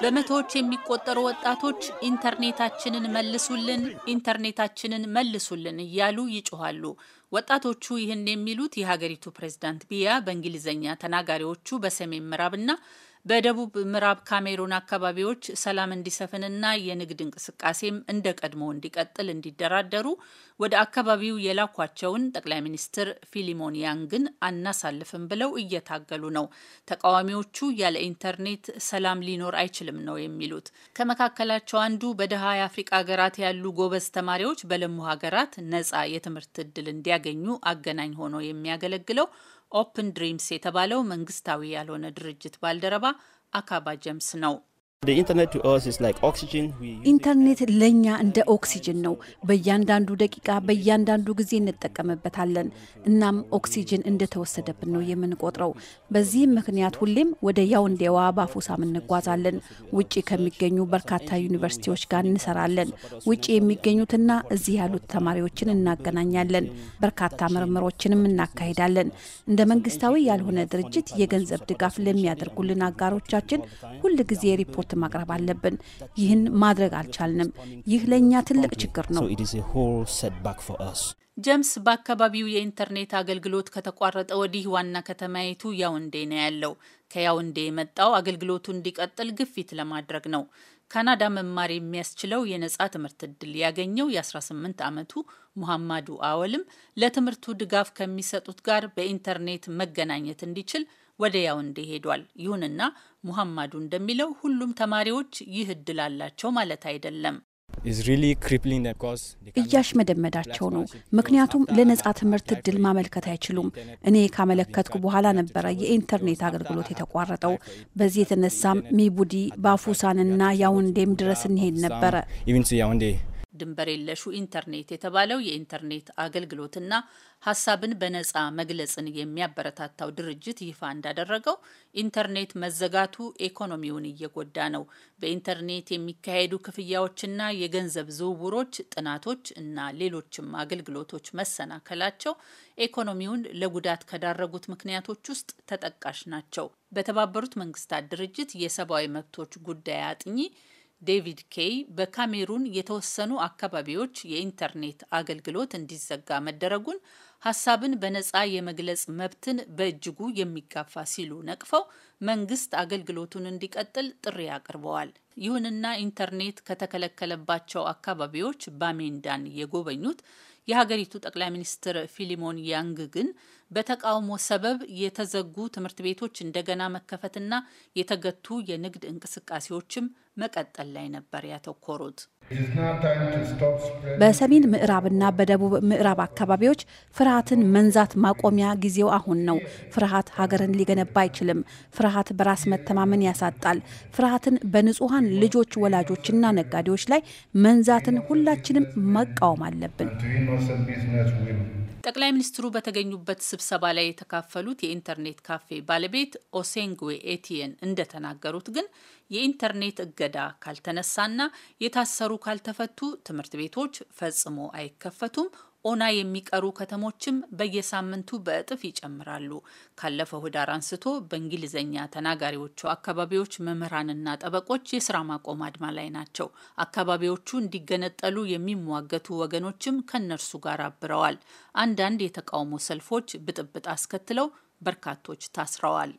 በመቶዎች የሚቆጠሩ ወጣቶች ኢንተርኔታችንን መልሱልን፣ ኢንተርኔታችንን መልሱልን እያሉ ይጮኋሉ። ወጣቶቹ ይህን የሚሉት የሀገሪቱ ፕሬዝዳንት ቢያ በእንግሊዝኛ ተናጋሪዎቹ በሰሜን ምዕራብና በደቡብ ምዕራብ ካሜሩን አካባቢዎች ሰላም እንዲሰፍንና የንግድ እንቅስቃሴም እንደ ቀድሞ እንዲቀጥል እንዲደራደሩ ወደ አካባቢው የላኳቸውን ጠቅላይ ሚኒስትር ፊሊሞን ያንግን አናሳልፍም ብለው እየታገሉ ነው። ተቃዋሚዎቹ ያለ ኢንተርኔት ሰላም ሊኖር አይችልም ነው የሚሉት። ከመካከላቸው አንዱ በድሃ የአፍሪቃ ሀገራት ያሉ ጎበዝ ተማሪዎች በለሙ ሀገራት ነጻ የትምህርት እድል እንዲያገኙ አገናኝ ሆኖ የሚያገለግለው ኦፕን ድሪምስ የተባለው መንግስታዊ ያልሆነ ድርጅት ባልደረባ አካባ ጀምስ ነው። ኢንተርኔት ለእኛ እንደ ኦክሲጅን ነው። በእያንዳንዱ ደቂቃ በእያንዳንዱ ጊዜ እንጠቀምበታለን። እናም ኦክሲጅን እንደተወሰደብን ነው የምንቆጥረው። በዚህም ምክንያት ሁሌም ወደ ያውንዴዋ ባፎሳም እንጓዛለን። ውጭ ከሚገኙ በርካታ ዩኒቨርሲቲዎች ጋር እንሰራለን። ውጭ የሚገኙትና እዚህ ያሉት ተማሪዎችን እናገናኛለን። በርካታ ምርምሮችንም እናካሄዳለን። እንደ መንግስታዊ ያልሆነ ድርጅት የገንዘብ ድጋፍ ለሚያደርጉልን አጋሮቻችን ጊዜ ሪፖርት ሪፖርት ማቅረብ አለብን። ይህን ማድረግ አልቻልንም። ይህ ለእኛ ትልቅ ችግር ነው። ጀምስ በአካባቢው የኢንተርኔት አገልግሎት ከተቋረጠ ወዲህ ዋና ከተማይቱ ያውንዴ ነው ያለው። ከያውንዴ የመጣው አገልግሎቱ እንዲቀጥል ግፊት ለማድረግ ነው። ካናዳ መማር የሚያስችለው የነጻ ትምህርት እድል ያገኘው የ18 ዓመቱ ሙሐማዱ አወልም ለትምህርቱ ድጋፍ ከሚሰጡት ጋር በኢንተርኔት መገናኘት እንዲችል ወደ ያውንዴ ሄዷል። ይሁንና ሙሐማዱ እንደሚለው ሁሉም ተማሪዎች ይህ እድል አላቸው ማለት አይደለም። እያሽመደመዳቸው ነው። ምክንያቱም ለነጻ ትምህርት እድል ማመልከት አይችሉም። እኔ ካመለከትኩ በኋላ ነበረ የኢንተርኔት አገልግሎት የተቋረጠው። በዚህ የተነሳም ሚቡዲ ባፉሳንና ያውንዴም ድረስ እንሄድ ነበረ። ድንበር የለሹ ኢንተርኔት የተባለው የኢንተርኔት አገልግሎትና ሀሳብን በነጻ መግለጽን የሚያበረታታው ድርጅት ይፋ እንዳደረገው ኢንተርኔት መዘጋቱ ኢኮኖሚውን እየጎዳ ነው። በኢንተርኔት የሚካሄዱ ክፍያዎችና የገንዘብ ዝውውሮች፣ ጥናቶች እና ሌሎችም አገልግሎቶች መሰናከላቸው ኢኮኖሚውን ለጉዳት ከዳረጉት ምክንያቶች ውስጥ ተጠቃሽ ናቸው። በተባበሩት መንግስታት ድርጅት የሰብአዊ መብቶች ጉዳይ አጥኚ ዴቪድ ኬይ በካሜሩን የተወሰኑ አካባቢዎች የኢንተርኔት አገልግሎት እንዲዘጋ መደረጉን ሀሳብን በነጻ የመግለጽ መብትን በእጅጉ የሚጋፋ ሲሉ ነቅፈው መንግስት አገልግሎቱን እንዲቀጥል ጥሪ አቅርበዋል። ይሁንና ኢንተርኔት ከተከለከለባቸው አካባቢዎች ባሜንዳን የጎበኙት የሀገሪቱ ጠቅላይ ሚኒስትር ፊሊሞን ያንግ ግን በተቃውሞ ሰበብ የተዘጉ ትምህርት ቤቶች እንደገና መከፈትና የተገቱ የንግድ እንቅስቃሴዎችም መቀጠል ላይ ነበር ያተኮሩት። በሰሜን ምዕራብና በደቡብ ምዕራብ አካባቢዎች ፍርሃትን መንዛት ማቆሚያ ጊዜው አሁን ነው። ፍርሃት ሀገርን ሊገነባ አይችልም። ፍርሃት በራስ መተማመን ያሳጣል። ፍርሃትን በንጹሐን ልጆች ወላጆችና ነጋዴዎች ላይ መንዛትን ሁላችንም መቃወም አለብን። ጠቅላይ ሚኒስትሩ በተገኙበት ስብሰባ ላይ የተካፈሉት የኢንተርኔት ካፌ ባለቤት ኦሴንግዌ ኤቲየን እንደተናገሩት ግን የኢንተርኔት እገዳ ካልተነሳና የታሰሩ ካልተፈቱ ትምህርት ቤቶች ፈጽሞ አይከፈቱም፣ ኦና የሚቀሩ ከተሞችም በየሳምንቱ በእጥፍ ይጨምራሉ። ካለፈው ህዳር አንስቶ በእንግሊዝኛ ተናጋሪዎቹ አካባቢዎች መምህራንና ጠበቆች የስራ ማቆም አድማ ላይ ናቸው። አካባቢዎቹ እንዲገነጠሉ የሚሟገቱ ወገኖችም ከነርሱ ጋር አብረዋል። አንዳንድ የተቃውሞ ሰልፎች ብጥብጥ አስከትለው በርካቶች ታስረዋል።